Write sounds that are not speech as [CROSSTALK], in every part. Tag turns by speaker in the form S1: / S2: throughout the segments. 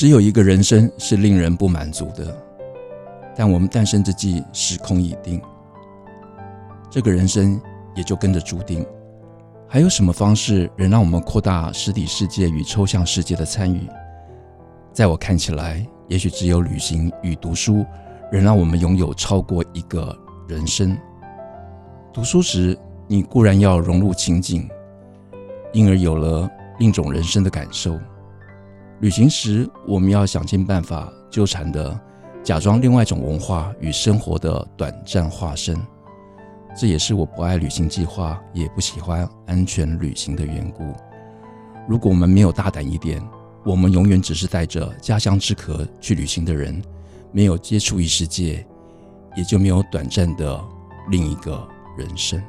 S1: 只有一個人生是令人不滿足的，但我們誕生之際時空已定，這個人生也就跟着注定。還有什麼方式能讓我們擴大實體世界與抽象世界的參與？在我看起來，也許只有旅行與讀書，能讓我們擁有超過一個人生。讀書時，你固然要融入情景，因而有了另一種人生的感受。旅行時，我們要想盡辦法糾纏的假裝另外一種文化與生活的短暫化身。這也是我不愛旅行計劃，也不喜歡安全旅行的緣故。如果我們沒有大膽一點，我們永遠只是帶着家鄉之殼去旅行的人，沒有接觸異世界，也就沒有短暫的另一個人生。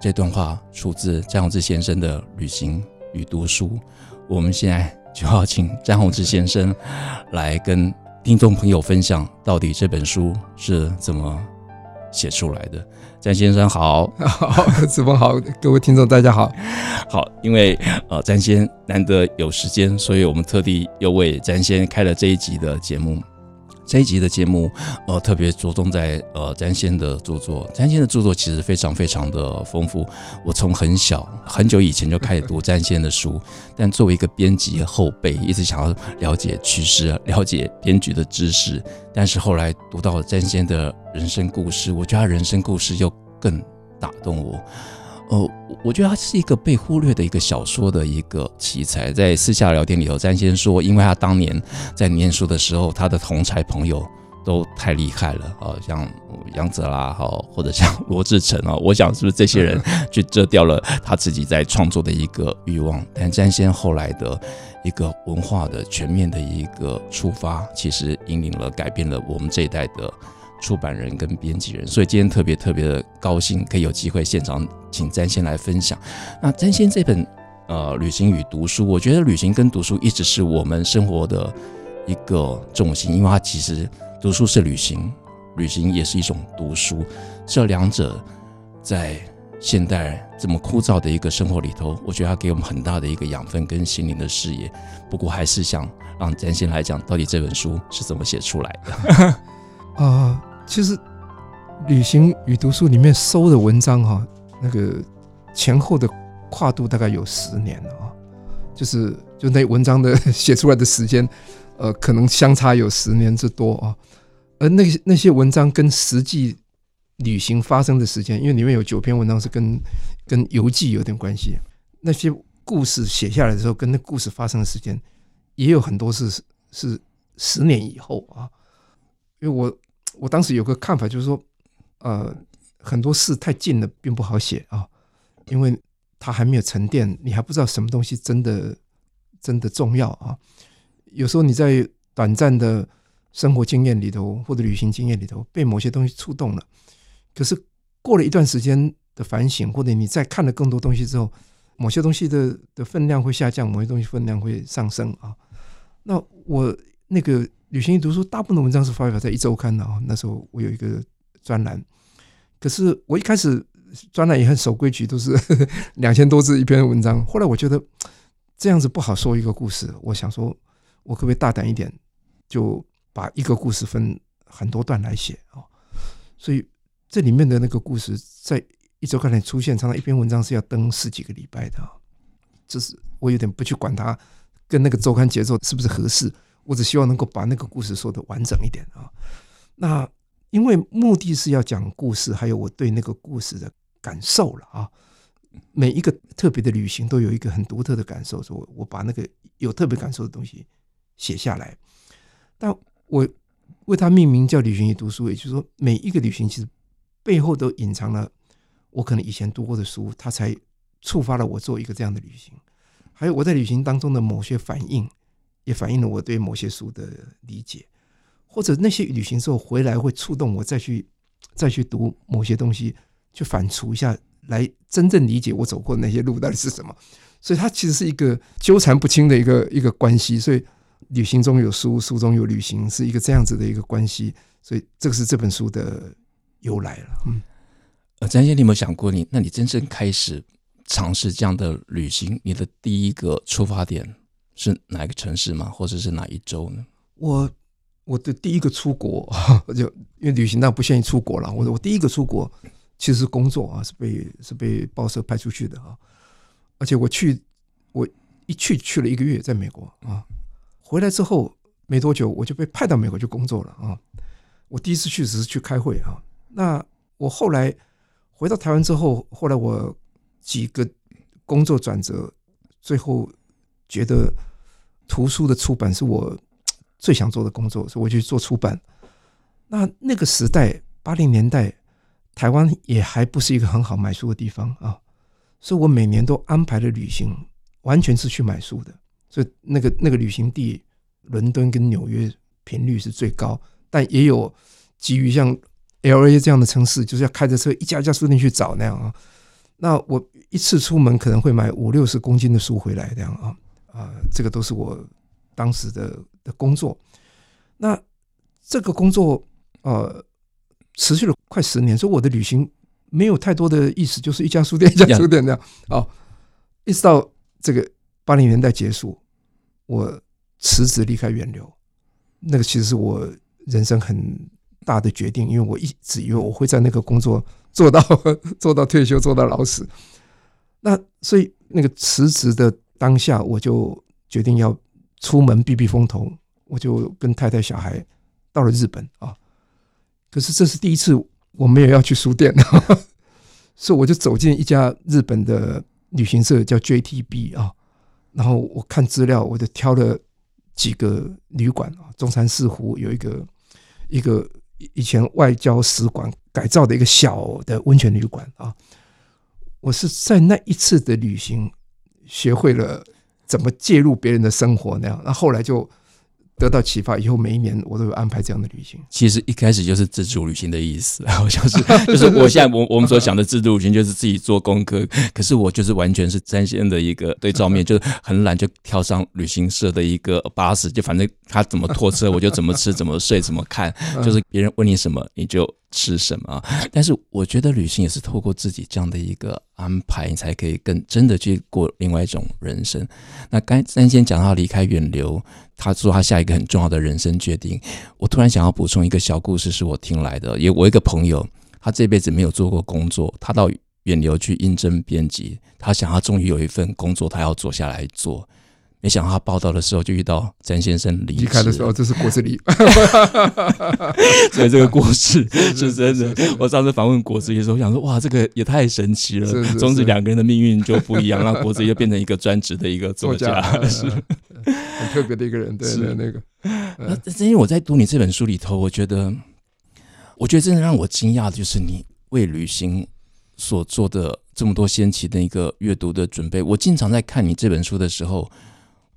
S1: 這段話出自詹宏志先生的《旅行與讀書》，我們現在就要請詹宏志先生來跟聽眾朋友分享，到底這本書是怎麼寫出來的。詹先生好， [LAUGHS]
S2: 好，子楓好，各位聽眾大家
S1: 好，好，因為呃，詹先難得有時間，所以我們特地又為詹先開了這一集的節目。這一集的節目，呃，特別着重在呃詹先的著作。詹先的著作其實非常非常的豐富。我從很小很久以前就開始讀詹先的書，但作為一個編輯後輩，一直想要了解趨勢，了解編劇的知識。但是後來讀到詹先的人生故事，我覺得他人生故事又更打動我。呃，我覺得他是一個被忽略的一個小說的一個奇才。在私下聊天裡頭，詹先說，因為他當年在念書的時候，他的同儕朋友都太厲害了，哦，像楊澤啦，好、哦，或者像羅志成，啊、哦，我想是不是這些人去遮掉了他自己在創作的一個欲望？但詹先後來的一個文化的全面的一個出發，其實引領了、改變了我們這一代的出版人跟編輯人，所以今天特別特別的高興，可以有機會現場請詹先來分享。那詹先這本呃旅行與讀書，我覺得旅行跟讀書一直是我們生活的一個重心，因為它其實讀書是旅行，旅行也是一種讀書。這兩者在現代這麼枯燥的一個生活裡頭，我覺得它給我們很大的一個養分跟心靈的視野。不過還是想讓詹先來講，到底這本書是怎麼寫
S2: 出來的啊？ [LAUGHS] uh... 其實，旅行與讀書裡面收的文章哈，那個前後的跨度大概有十年了啊。就是，就那文章的寫出來的時間，呃，可能相差，有十年之多啊。而那那些文章跟實際旅行發生的時間，因為裡面有九篇文章是跟跟遊記有點關係，那些故事寫下來的時候，跟那故事發生的時間，也有很多是是十年以後啊。因為我。我當時有個看法，就是說，呃，很多事太近了，並不好寫啊，因為它還沒有沉澱，你還不知道什麼東西真的真的重要啊。有時候你在短暫的生活經驗裡頭或者旅行經驗裡頭被某些東西觸動了，可是過了一段時間的反省，或者你再看了更多東西之後，某些東西的的分量，會下降，某些東西分量會上升啊。那我那個。旅行與讀書大部分的文章是發表在一周刊的啊、哦。那時候我有一個專欄，可是我一開始專欄也很守規矩，都是兩千多字一篇文章。後來我覺得這樣子不好說一個故事，我想說，我可不可以大膽一點，就把一個故事分很多段來寫啊、哦？所以這裡面的那個故事在一周刊裡出現，常常一篇文章是要登十幾個禮拜的啊、哦。就是我有點不去管它跟那個周刊節奏是不是合適。我只希望能夠把那個故事說得完整一點啊。那因為目的是要講故事，還有我對那個故事的感受了啊。每一個特別的旅行都有一個很獨特的感受，所以我我把那個有特別感受的東西寫下來。但我為它命名叫“旅行與讀書”，也就是說，每一個旅行其實背後都隱藏了我可能以前讀過的書，它才觸發了我做一個這樣的旅行。還有我在旅行當中的某些反應。也反映了我對某些書的理解，或者那些旅行之後回來會觸動我，再去再去讀某些東西，去反芻一下，來真正理解我走過的那些路到底是什麼。所以，它其實是一個糾纏不清的一個一個關係。所以，旅行中有書，書中有旅行，是一個這樣子的一個關係。所以，這個是這本書的由來了。嗯，呃，詹先
S1: 生，你有沒有想過你，你那你真正開始嘗試這樣的旅行，你的第一個出發點？是哪一個城市嗎？或者是哪一州呢？
S2: 我我的第一個出國，就因為旅行當然不限於出國了。我我第一個出國，其實是工作啊，是被是被報社派出去的啊。而且我去，我一去去了一個月，在美國啊。回來之後沒多久，我就被派到美國去工作了啊。我第一次去只是去開會啊。那我後來回到台灣之後，後來我幾個工作轉折，最後覺得。圖書的出版是我最想做的工作，所以我去做出版。那那個時代，八零年代，台灣也還不是一個很好買書的地方啊，所以我每年都安排了旅行，完全是去買書的。所以那個那個旅行地，倫敦跟紐約頻率是最高，但也有基於像 LA 這樣的城市，就是要開着車一家一家書店去找那樣啊。那我一次出門可能會買五六十公斤的書回來，這樣啊。啊、呃，這個都是我當時的的工作。那這個工作呃持續了快十年，所以我的旅行沒有太多的意思，就是一家書店一家書店這樣。哦、yeah.，一直到這個八零年代結束，我辭職離開遠流。那個其實是我人生很大的決定，因為我一直以為我會在那個工作做到呵呵做到退休做到老死。那所以那個辭職的當下我就決定要出門避避風頭，我就跟太太、小孩到了日本啊。可是這是第一次，我沒有要去書店啊，所以我就走進一家日本的旅行社，叫 JTB 啊。然後我看資料，我就挑了幾個旅館啊，中山四湖有一個一個以前外交使館改造的一個小的溫泉旅館啊。我是在那一次的旅行，學會了怎麼介入別人的生活那樣，那後來就得到啟發，以後每一年我都有安排這樣的旅
S1: 行。其實一開始就是自主旅行的意思，然後就是 [LAUGHS] 就是我現在我我們所想的自主旅行就是自己做功課， [LAUGHS] 可是我就是完全是佔線的一個對照面，就是很懶，就跳上旅行社的一個巴士，就反正他怎麼拖車，我就怎麼吃， [LAUGHS] 怎麼睡，怎麼看，就是別人問你什麼，你就。吃什麼？但是我覺得旅行也是透過自己這樣的一個安排，你才可以更真的去過另外一種人生。那剛才先講到離開遠流，他說他下一個很重要的人生決定，我突然想要補充一個小故事，是我聽來的。因為我一個朋友，他這輩子沒有做過工作，他到遠流去應徵編輯，他想要終於有一份工作，他要坐下來做。沒想到他報道的時候就遇到詹先生離離開的時候，這是國之禮
S2: [LAUGHS] [LAUGHS]
S1: [LAUGHS] 所以這個故事是是、是、是、是、是、是、是真的。是是是我上次訪問國之禮的時候，我想說哇，這個也太神奇了。從此兩個人的命運就不一樣，是是是讓國之禮變成一個專職的一個作家是是是是是、嗯，很特別的一個人。對，是對、對、對那個。嗯、是因為我在讀你這本書裡頭，我覺得，我覺得真的讓我驚訝的就是你為旅行所做的這麼多先期的一個閱讀的準備。我經常在看你這本書的時候。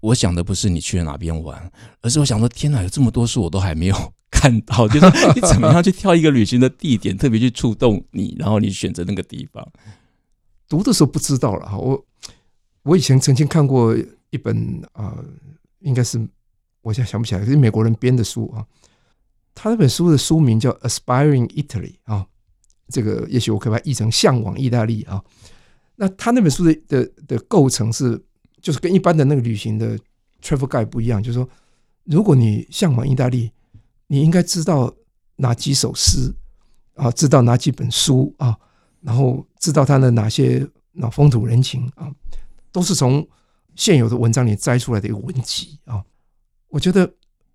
S1: 我想的不是你去了哪邊玩，而是我想說：天哪，有這麼多書我都還沒有看到！就是你怎麼樣去挑一個旅行的地點， [LAUGHS] 特別去觸動你，然後你選擇那個地方。
S2: 讀的時候不知道了哈，我我以前曾經看過一本啊、呃，應該是我現在想不起來，是美國人編的書啊。他那本書的書名叫《Aspiring Italy》啊，這個也許我可以把它譯成“嚮往意大利”啊。那他那本書的的的構成是。就是跟一般的那個旅行的 travel guide 不一樣，就是說，如果你嚮往意大利，你應該知道哪幾首詩啊，知道哪幾本書啊，然後知道它的哪些那、啊、風土人情啊，都是從現有的文章裡摘出來的一個文集啊。我覺得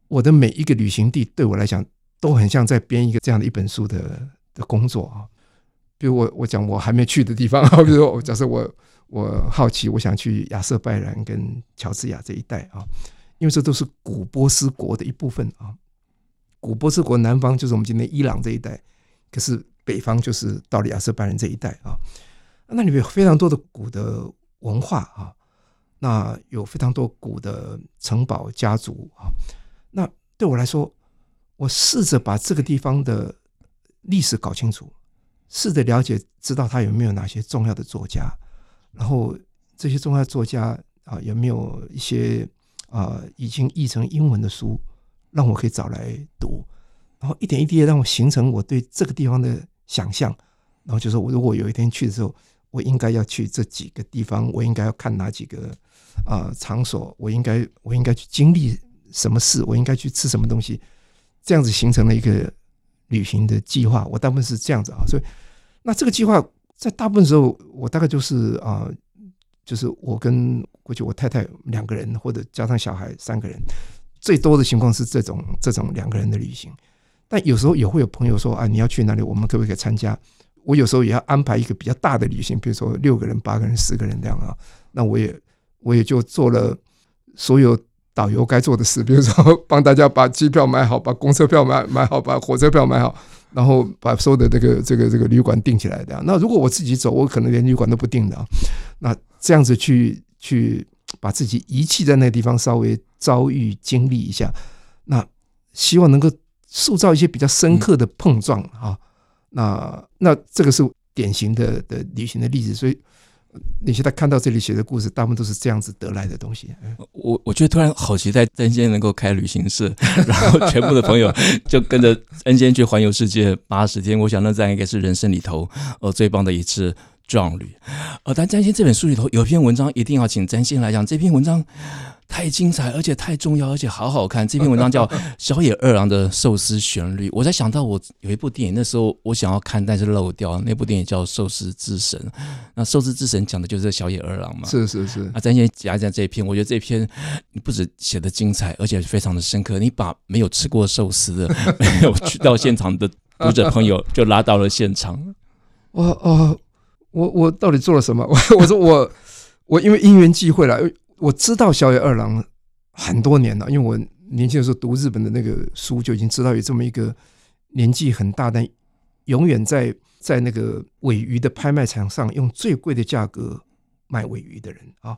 S2: 我的每一個旅行地對我來講，都很像在編一個這樣的一本書的的工作啊。比如我我講我還沒去的地方啊，比如說假設我。 [LAUGHS] 我好奇，我想去亞塞拜然跟喬治亞這一帶啊，因為這都是古波斯國的一部分啊。古波斯國南方就是我們今天伊朗這一帶，可是北方就是到了亞塞拜然這一帶啊。那裡面有非常多的古的文化啊，那有非常多古的城堡、家族啊。那對我來說，我試着把這個地方的歷史搞清楚，試着了解知道他有沒有哪些重要的作家。然後這些中外作家啊，有沒有一些啊、呃、已經譯成英文的書，讓我可以找來讀，然後一點一滴的讓我形成我對這個地方的想象。然後就說我如果有一天去的時候，我應該要去這幾個地方，我應該要看哪幾個啊、呃、場所，我應該我應該去經歷什麼事，我應該去吃什麼東西，這樣子形成了一個旅行的計劃。我大部分是這樣子啊，所以那這個計劃。在大部分時候，我大概就是啊、呃，就是我跟過去我、我太太兩個人，或者加上小孩三個人，最多的情況是這種這種兩個人的旅行。但有時候也會有朋友說啊，你要去哪裡？我們可不可以參加？我有時候也要安排一個比較大的旅行，比如說六個人、八個人、十個人這樣啊。那我也我也就做了所有導遊該做的事，比如說幫大家把機票買好，把公車票買買好，把火車票買好。然後把所有的這個這個這個旅館訂起來的。那如果我自己走，我可能連旅館都不訂的啊。那這樣子去去把自己遺棄在那個地方，稍微遭遇經歷一下，那希望能夠塑造一些比較深刻的碰撞啊。那那這個是典型的的旅行的例子，所以。你現在看到這裡寫的故事，大部分都是這樣子得來的東西。我我我覺得突然
S1: 好期待詹先能夠開旅行社，然後全部的朋友就跟着詹先去環遊世界八十天。我想，那這樣應該是人生裡頭呃最棒的一次壯旅。呃，但詹先這本書裡頭有一篇文章，一定要請詹先來講這篇文章。太精彩，而且太重要，而且好好看。這篇文章叫《小野二郎的壽司旋律》。 [LAUGHS] 我在想到，我有一部電影，那時候我想要看，但是漏掉，那部電影叫《壽司之神》。那《壽司之神》講的就是小野二郎嘛。是是是。那，咱先講一下這篇。我覺得這篇你不止寫的精彩，而且非常的深刻。你把沒有吃過壽司的、 [LAUGHS] 沒有去到現場的讀者朋友，就拉到了現場。 [LAUGHS] 哦
S2: 哦、我我我我到底做了什麼？我 [LAUGHS] 我說我我因為因緣際會了。我知道小野二郎很多年了，因為我年輕的時候讀日本的那個書，就已經知道有這麼一個年紀很大，但永遠在在那個鮪魚的拍賣場上用最貴的價格賣鮪魚的人啊。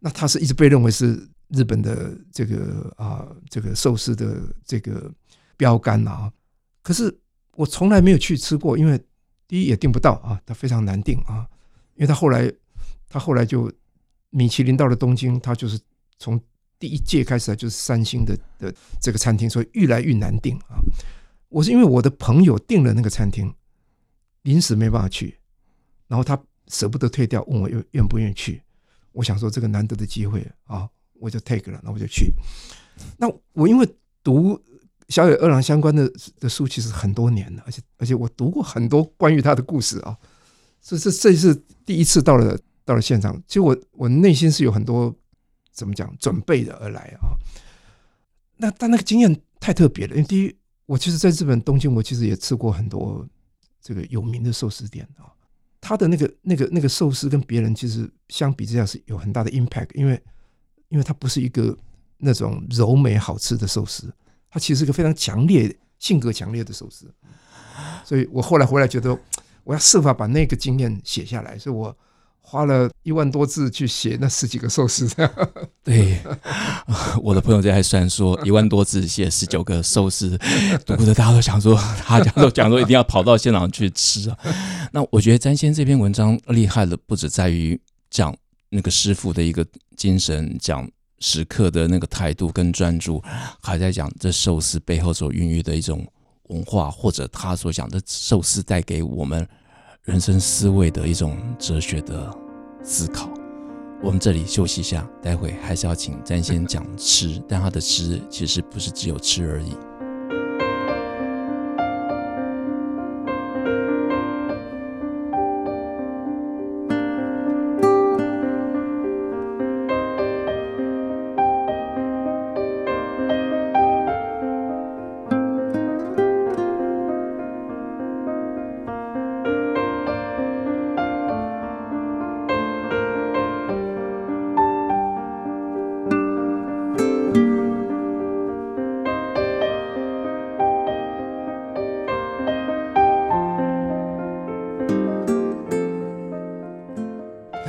S2: 那他是一直被認為是日本的這個啊這個壽司的這個標杆啊。可是我從來沒有去吃過，因為第一也訂不到啊，他非常難訂啊，因為他後來他後來就。米其林到了東京，它就是從第一屆開始就是三星的的這個餐廳，所以越來越難訂啊！我是因為我的朋友訂了那個餐廳，臨時沒辦法去，然後他捨不得退掉，問我願願不願意去。我想說這個難得的機會啊，我就 take 了，那我就去。那我因為讀小野二郎相關的的書，其實很多年了，而且而且我讀過很多關於他的故事啊，這這這是第一次到了。到了現場，其實我我內心是有很多怎麼講準備的而來啊、哦。那但那個經驗太特別了，因為第一，我其實在日本東京，我其實也吃過很多這個有名的壽司店啊、哦，他的那個那個那個壽司跟別人其實相比之下是有很大的 impact，因為因為它不是一個那種柔美好吃的壽司，它其實是一個非常強烈性格強烈的壽司，所以我後來回來覺得我要設法把那個經驗寫下來，所以我。花了一萬多字去寫那十幾個壽司，對，
S1: 我的朋友在還雖然說，一萬多字寫十九個壽司， [LAUGHS] 讀過的大家都想說，大家都想說一定要跑到現場去吃啊。那我覺得詹先這篇文章厲害的不止在於講那個師傅的一個精神，講食客的那個態度跟專注，還在講這壽司背後所孕育的一種文化，或者他所講的壽司帶給我們。人生思維的一種哲學的思考。我們這裡休息一下，待會還是要請詹先講吃，但他的吃其實不是只有吃而已。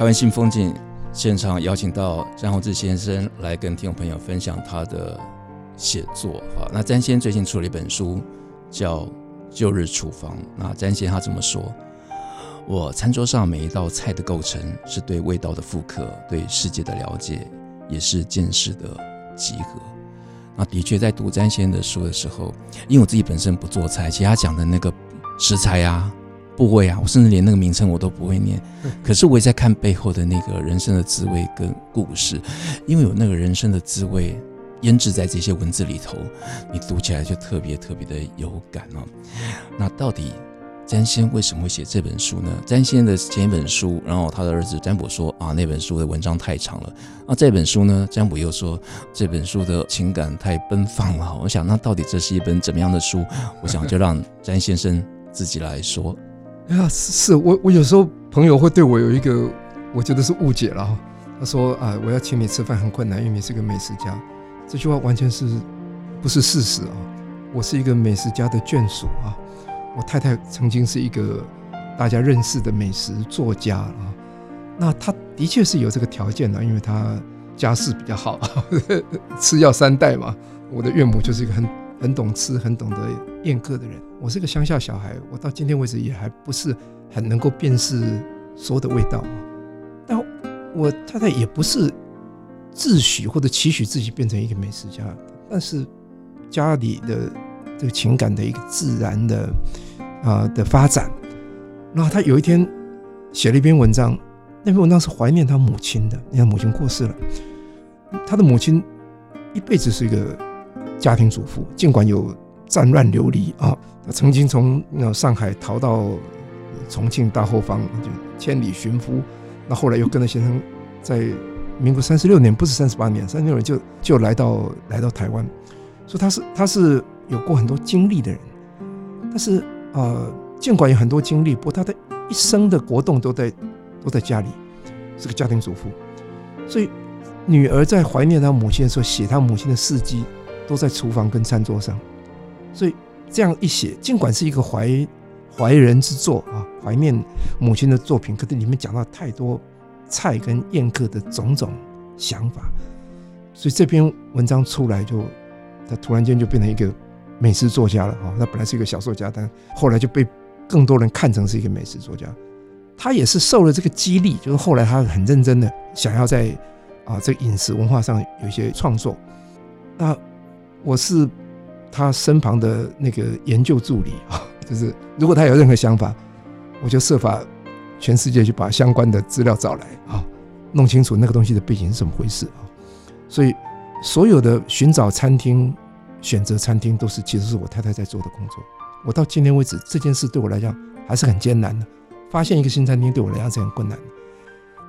S1: 台灣新風景現場邀請到詹宏志先生來跟聽眾朋友分享他的寫作。好，那詹先生最近出了一本書叫《舊日廚房》。那詹先生他怎麼說？我餐桌上每一道菜的構成，是對味道的複刻，對世界的了解，也是見識的集合。那的確，在讀詹先生的書的時候，因為我自己本身不做菜，其實他講的那個食材啊。不會啊，我甚至連那個名稱我都不會念。可是我也在看背後的那個人生的滋味跟故事，因為有那個人生的滋味醃制在這些文字裡頭，你讀起來就特別特別的有感啊、哦。那到底詹先為什麼會寫這本書呢？詹先的前一本書，然後他的兒子詹樸說啊，那本書的文章太長了。那這本書呢，詹樸又說這本書的情感太奔放了。我想，那到底這是一本怎麼樣的書？我想就讓詹先生自己來說。
S2: 哎呀，是，我我有時候朋友會對我有一個，我覺得是誤解了啊。他說啊，我要請你吃飯很困難，因為你是個美食家。這句話完全是，不是事實啊、喔。我是一個美食家的眷屬啊。我太太曾經是一個大家認識的美食作家啊。那她的確是有這個條件的，因為她家世比較好， [LAUGHS] 吃藥三代嘛。我的岳母就是一個很。很懂吃，很懂得宴客的人。我是個鄉下小孩，我到今天為止也還不是很能夠辨識所有的味道。但我太太也不是自詡或者期許自己變成一個美食家，但是家裡的這個情感的一個自然的啊、呃、的發展。然後他有一天寫了一篇文章，那篇文章是懷念他母親的。你看，他母親過世了，他的母親一輩子是一個。家庭主婦，儘管有戰亂流離啊，曾經從上海逃到重慶大後方，就千里尋夫。那後來又跟着先生，在民國三十六年，不是三十八年，三十六年就就來到來到台灣。說他是他是有過很多經歷的人，但是呃，儘管有很多經歷，不過他的一生的活動都在都在家裡，是個家庭主婦。所以女兒在懷念她母親的時候，寫她母親的事蹟。都在廚房跟餐桌上，所以這樣一寫，儘管是一個懷懷人之作啊，懷念母親的作品，可是裡面講到太多菜跟宴客的種種想法，所以這篇文章出來就，他突然間就變成一個美食作家了啊！他本來是一個小說家，但後來就被更多人看成是一個美食作家。他也是受了這個激勵，就是後來他很認真的想要在啊這個飲食文化上有一些創作，那。我是他身旁的那個研究助理啊，就是如果他有任何想法，我就設法全世界去把相關的資料找來啊，弄清楚那個東西的背景是怎麼回事啊。所以所有的尋找餐廳、選擇餐廳，都是其實是我太太在做的工作。我到今天為止，這件事對我來講還是很艱難的。發現一個新餐廳對我來講是很困難的。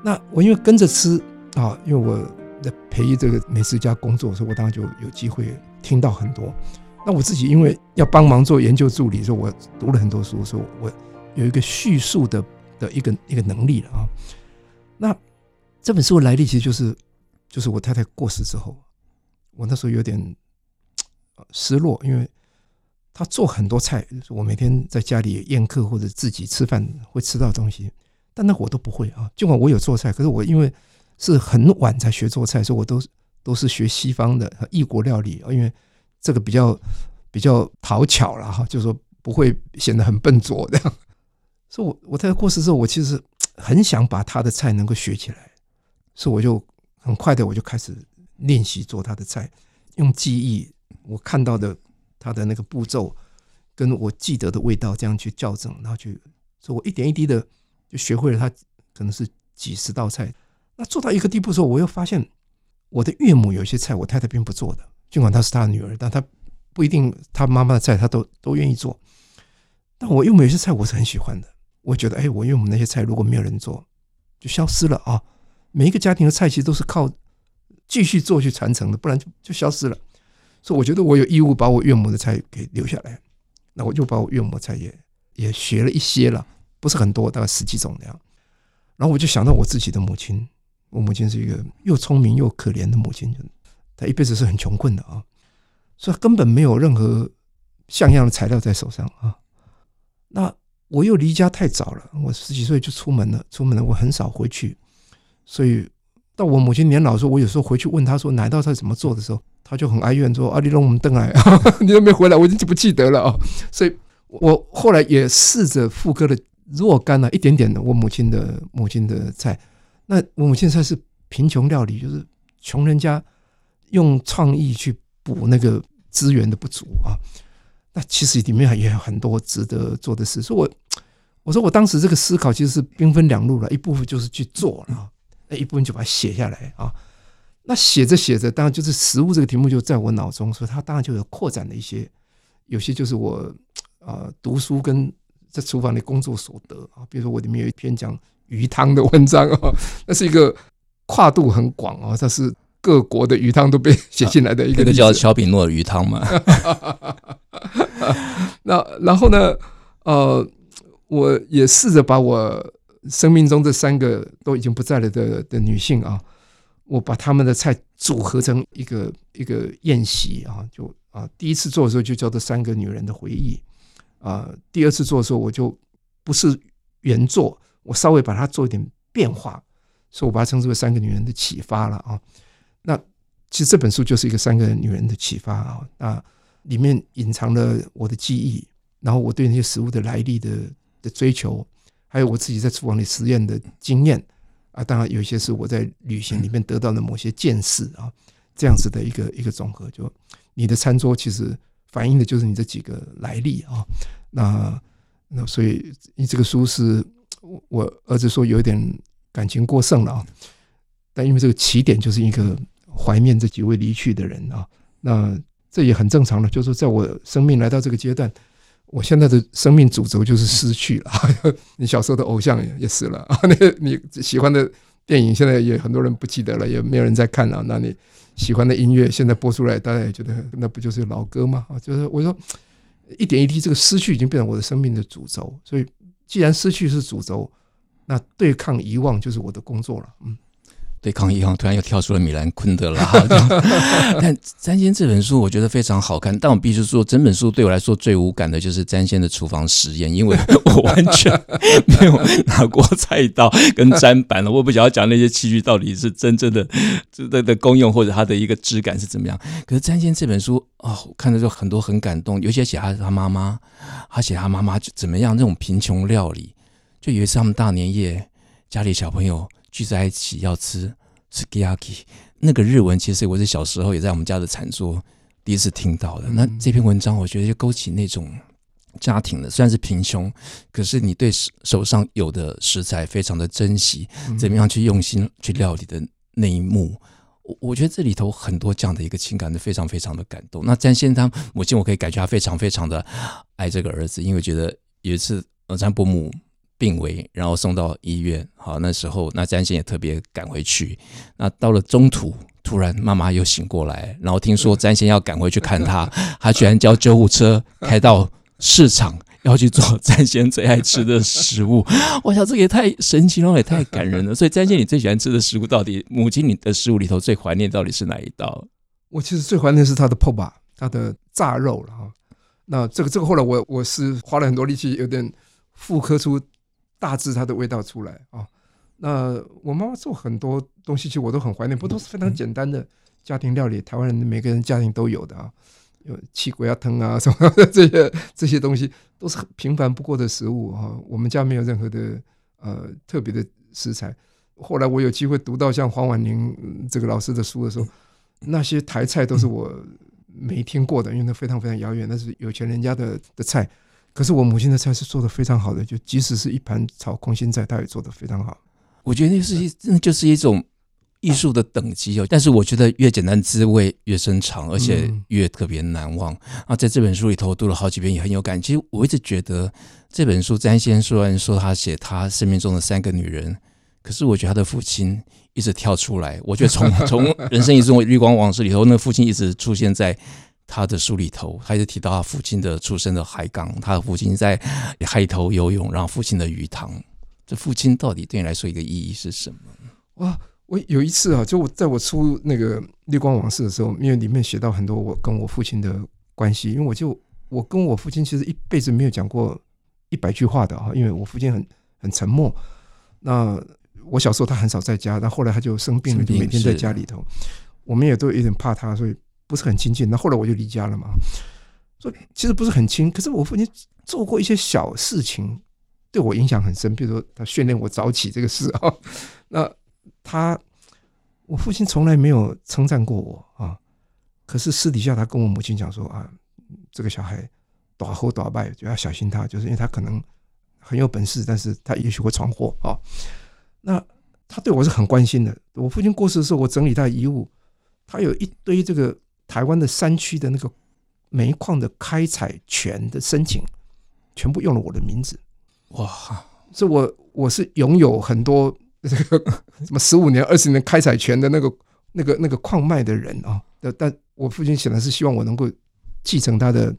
S2: 那我因為跟着吃啊，因為我在陪這個美食家工作，所以我當然就有機會。聽到很多，那我自己因為要幫忙做研究助理，所以我讀了很多書，所以我有一個敘述的的一個一個能力了啊。那這本書的來歷其實就是，就是我太太過世之後，我那時候有點失落，因為她做很多菜，就是、我每天在家裡宴客或者自己吃飯會吃到東西，但那我都不會啊。儘管我有做菜，可是我因為是很晚才學做菜，所以我都。都是學西方的和異國料理，因為這個比較比較討巧了哈，就是說不會顯得很笨拙。這樣，所以，我我在過世之後，我其實很想把他的菜能夠學起來，所以我就很快的我就開始練習做他的菜，用記憶我看到的他的那個步驟，跟我記得的味道這樣去校正，然後去，所以我一點一滴的就學會了他可能是幾十道菜。那做到一個地步之後，我又發現。我的岳母有些菜，我太太並不做的。儘管她是她的女兒，但她不一定她媽媽的菜，她都都願意做。但我岳母有些菜，我是很喜歡的。我覺得，哎、欸，我岳母那些菜，如果沒有人做，就消失了啊！每一個家庭的菜，其實都是靠繼續做去傳承的，不然就就消失了。所以，我覺得我有義務把我岳母的菜給留下來。那我就把我岳母的菜也也學了一些了，不是很多，大概十幾種那樣。然後我就想到我自己的母親。我母親是一個又聰明又可憐的母親，她一輩子是很窮困的啊，所以她根本沒有任何像樣的材料在手上啊。那我又離家太早了，我十幾歲就出門了，出門了我很少回去，所以到我母親年老的時候，我有時候回去問她說哪道菜怎麼做的時候，她就很哀怨說：“啊你讓我們等啊，你都沒回來，我已經不記得了啊。”所以，我後來也試着複刻了若干啊，一點點的我母親的母親的菜。那我們現在是貧窮料理，就是窮人家用創意去補那個資源的不足啊。那其實裡面也有很多值得做的事。所以我，我說我當時這個思考其實是兵分兩路了，一部分就是去做了，那一部分就把它寫下來啊。那寫着寫着，當然就是食物這個題目就在我腦中，所以它當然就有擴展的一些，有些就是我啊，呃，讀書跟在廚房裡工作所得啊。比如說我裡面有一篇講魚湯的文章哦，那是一個跨度很廣哦。它是各國的魚湯都被寫進來的一個、啊。那個、叫小比諾
S1: 魚湯嘛。 [LAUGHS] [LAUGHS] 那
S2: 然後呢，呃，我也試着把我生命中這三個都已經不在了的的女性啊，我把她們的菜組合成一個一個宴席啊，就啊，第一次做的時候就叫做三個女人的回憶啊，第二次做的時候我就不是原作，我稍微把它做一點變化，所以我把它稱之為“三個女人的啟發”了啊。那其實這本書就是一個三個女人的啟發啊，那裡面隱藏了我的記憶，然後我對那些食物的來歷的的追求，還有我自己在廚房裡實驗的經驗啊。當然，有一些是我在旅行裡面得到的某些見識啊，這樣子的一個一個總和。就你的餐桌其實反映的就是你這幾個來歷啊。那那所以你這個書是。我兒子說有一點感情過剩了啊，但因為這個起點就是一個懷念這幾位離去的人啊，那這也很正常了。就是在我生命來到這個階段，我現在的生命主軸就是失去了，你小時候的偶像也死了啊，那個你喜歡的電影現在也很多人不記得了，也沒有人在看了，那你喜歡的音樂現在播出來，大家也覺得那不就是老歌嗎？啊，就是說我說一點一滴，這個失去已經變成我的生命的主軸，所以。既然失去是主軸，那對抗遺忘就是我的工作了。嗯。
S1: 對抗一樣，突然又跳出了米蘭昆德拉。但詹先這本書我覺得非常好看，但我必須說，整本書對我來說最無感的就是詹先的廚房實驗，因為我完全沒有拿過菜刀跟砧板了。我不想要講那些器具到底是真正的、真的的功用或者它的一個質感是怎麼樣。可是詹先這本書啊，哦、看的時候很多很感動，尤其寫他他媽媽，他寫他媽媽怎麼樣那種貧窮料理，就以為是他們大年夜家裡小朋友。聚在一起要吃 sukiyaki。那個日文其實我是小時候也在我們家的餐桌第一次聽到的。嗯嗯，那這篇文章我覺得就勾起那種家庭的，雖然是貧窮，可是你對手上有的食材非常的珍惜，嗯嗯嗯，怎麼樣去用心去料理的那一幕，我我覺得這裡頭很多這樣的一個情感都非常非常的感動。那詹先生他母親，我可以感覺他非常非常的愛這個兒子，因為我覺得有一次呃詹伯母。病危，然後送到醫院。好，那時候那詹先也特別趕回去。那到了中途，突然媽媽又醒過來，然後聽說詹先要趕回去看他， [LAUGHS] 他居然叫救護車開到市場， [LAUGHS] 要去做詹先最愛吃的食物。 [LAUGHS] 我想這個也太神奇了，也太感人了。所以詹先，你最喜歡吃的食物到底？母親你的食物裡頭最懷念到底是哪
S2: 一道？我其實最懷念是他的泡粑，他的炸肉了哈。那這個這個後來我我是花了很多力氣，有點復刻出。大致它的味道出來啊、哦，那我媽媽做很多東西，其實我都很懷念，不都是非常簡單的家庭料理，台灣人每個人家庭都有的啊、哦，有氣鬼啊、湯啊什麼的這些這些東西，都是平凡不過的食物啊、哦。我們家沒有任何的呃特別的食材。後來我有機會讀到像黃婉玲這個老師的書的時候，那些台菜都是我沒聽過的，因為那非常非常遙遠，那是有錢人家的的菜。可是我母親的菜是做的非常好的，就即使是一盤炒空心菜，她也做的非常好。
S1: 我覺得那是一，那就是一種藝術的等級哦。啊、但是我覺得越簡單，滋味越深長，而且越特別難忘。嗯、啊，在這本書裡頭我讀了好幾遍，也很有感。其實我一直覺得這本書，詹先生雖然說他寫他生命中的三個女人，可是我覺得他的父親一直跳出來。我覺得從從人生一種綠光往事裡頭， [LAUGHS] 那父親一直出現在。他的書裡頭，他就提到他父親的出生的海港，他父親在海頭游泳，然後父親的魚塘，這父親到底對你來說一個意義是什麼？
S2: 哇！我有一次啊，就我在我出那個《綠光往事》的時候，因為裡面寫到很多我跟我父親的關係，因為我就我跟我父親其實一輩子沒有講過一百句話的啊，因為我父親很很沉默。那我小時候他很少在家，但後來他就生病了，就每天在家裡頭，我們也都有一點怕他，所以。不是很親近，那後，後來我就離家了嘛。所以其實不是很親，可是我父親做過一些小事情，對我影響很深。比如說他訓練我早起這個事啊，那他我父親從來沒有稱讚過我啊。可是私底下他跟我母親講說啊，這個小孩大好大壞，就要小心他，就是因為他可能很有本事，但是他也許會闖禍啊。那他對我是很關心的。我父親過世的時候，我整理他的遺物，他有一堆這個。台灣的山區的那個煤礦的開採權的申請，全部用了我的名字。哇，這我我是擁有很多這個什麼十五年、二十年開採權的那個那個那個礦脈的人啊、哦。但，我父親顯然是希望我能夠繼承他的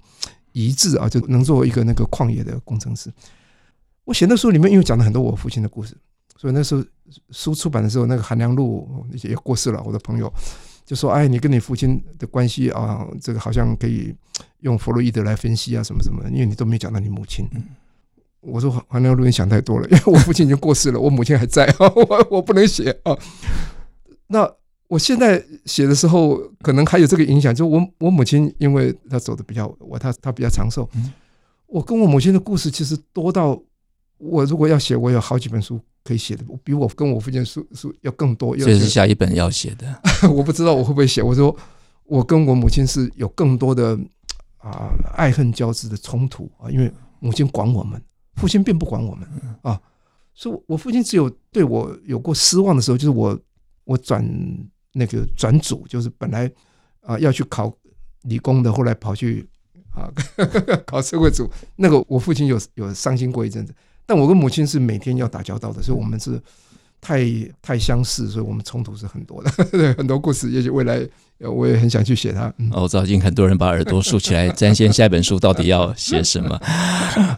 S2: 遺志啊，就能做一個那個礦業的工程師。我寫那書裡面因為講了很多我父親的故事，所以那時候書出版的時候，那個韓良露也過世了，我的朋友。就說：“哎，你跟你父親的關係啊，這個好像可以用弗洛伊德來分析啊，什麼什麼的？因為你都沒講到你母親。嗯”我說：“我那個錄音想太多了，因為我父親已經過世了， [LAUGHS] 我母親還在，我我不能寫啊。”那我現在寫的時候，可能還有這個影響，就我我母親，因為她走的比較我她她比較長壽，嗯，我跟我母親的故事其實多到我如果要寫，我有好幾本書。可以寫的，比我跟我父親書書要更多。這是下一本要寫的， [LAUGHS] 我不知道我會不會寫。我說我跟我母親是有更多的啊、呃、愛恨交織的衝突啊，因為母親管我們，父親並不管我們啊。所以，我父親只有對我有過失望的時候，就是我我轉那個轉組，就是本來啊、呃、要去考理工的，後來跑去啊 [LAUGHS] 考社會組，那個我父親有有傷心過一陣子。但我跟母親是每天要打交道的，所以我們是太太相似，所以我們衝突是很多的呵呵，很多故事。也許未來，我也很想去寫它。
S1: 我知道，哦，已經很多人把耳朵豎起來， [LAUGHS] 詹先，下一本書到底要寫什麼、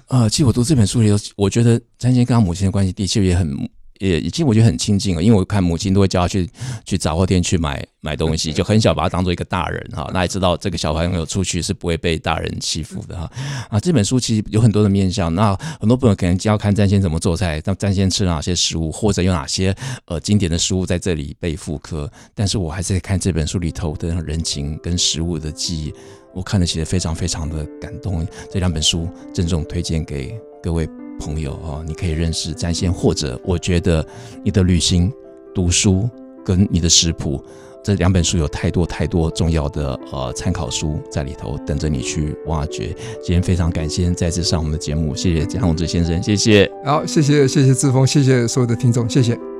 S1: 呃？其實我讀這本書也有，我覺得詹先跟他母親的關係的確也很。也，已經，我覺得很親近了，因為我看母親都會叫他去去雜貨店去買買東西，就很小把他當做一個大人哈，那也知道這個小朋友出去是不會被大人欺負的哈。啊，這本書其實有很多的面向，那很多朋友可能就要看詹先怎麼做菜，那詹先吃了哪些食物，或者有哪些呃經典的食物在這裡被復刻，但是我還是在看這本書裡頭的人情跟食物的記憶，我看了其實非常非常的感動。這兩本書鄭重推薦給各位。朋友哦，你可以認識詹先，或者我覺得你的旅行、讀書跟你的食譜這兩本書有太多太多重要的呃參考書在裡頭等着你去挖掘。今天非常感謝再次上我們的節目，謝謝詹宏志先生，謝謝，
S2: 好，謝謝謝謝志峰，謝謝所有的聽眾，謝謝。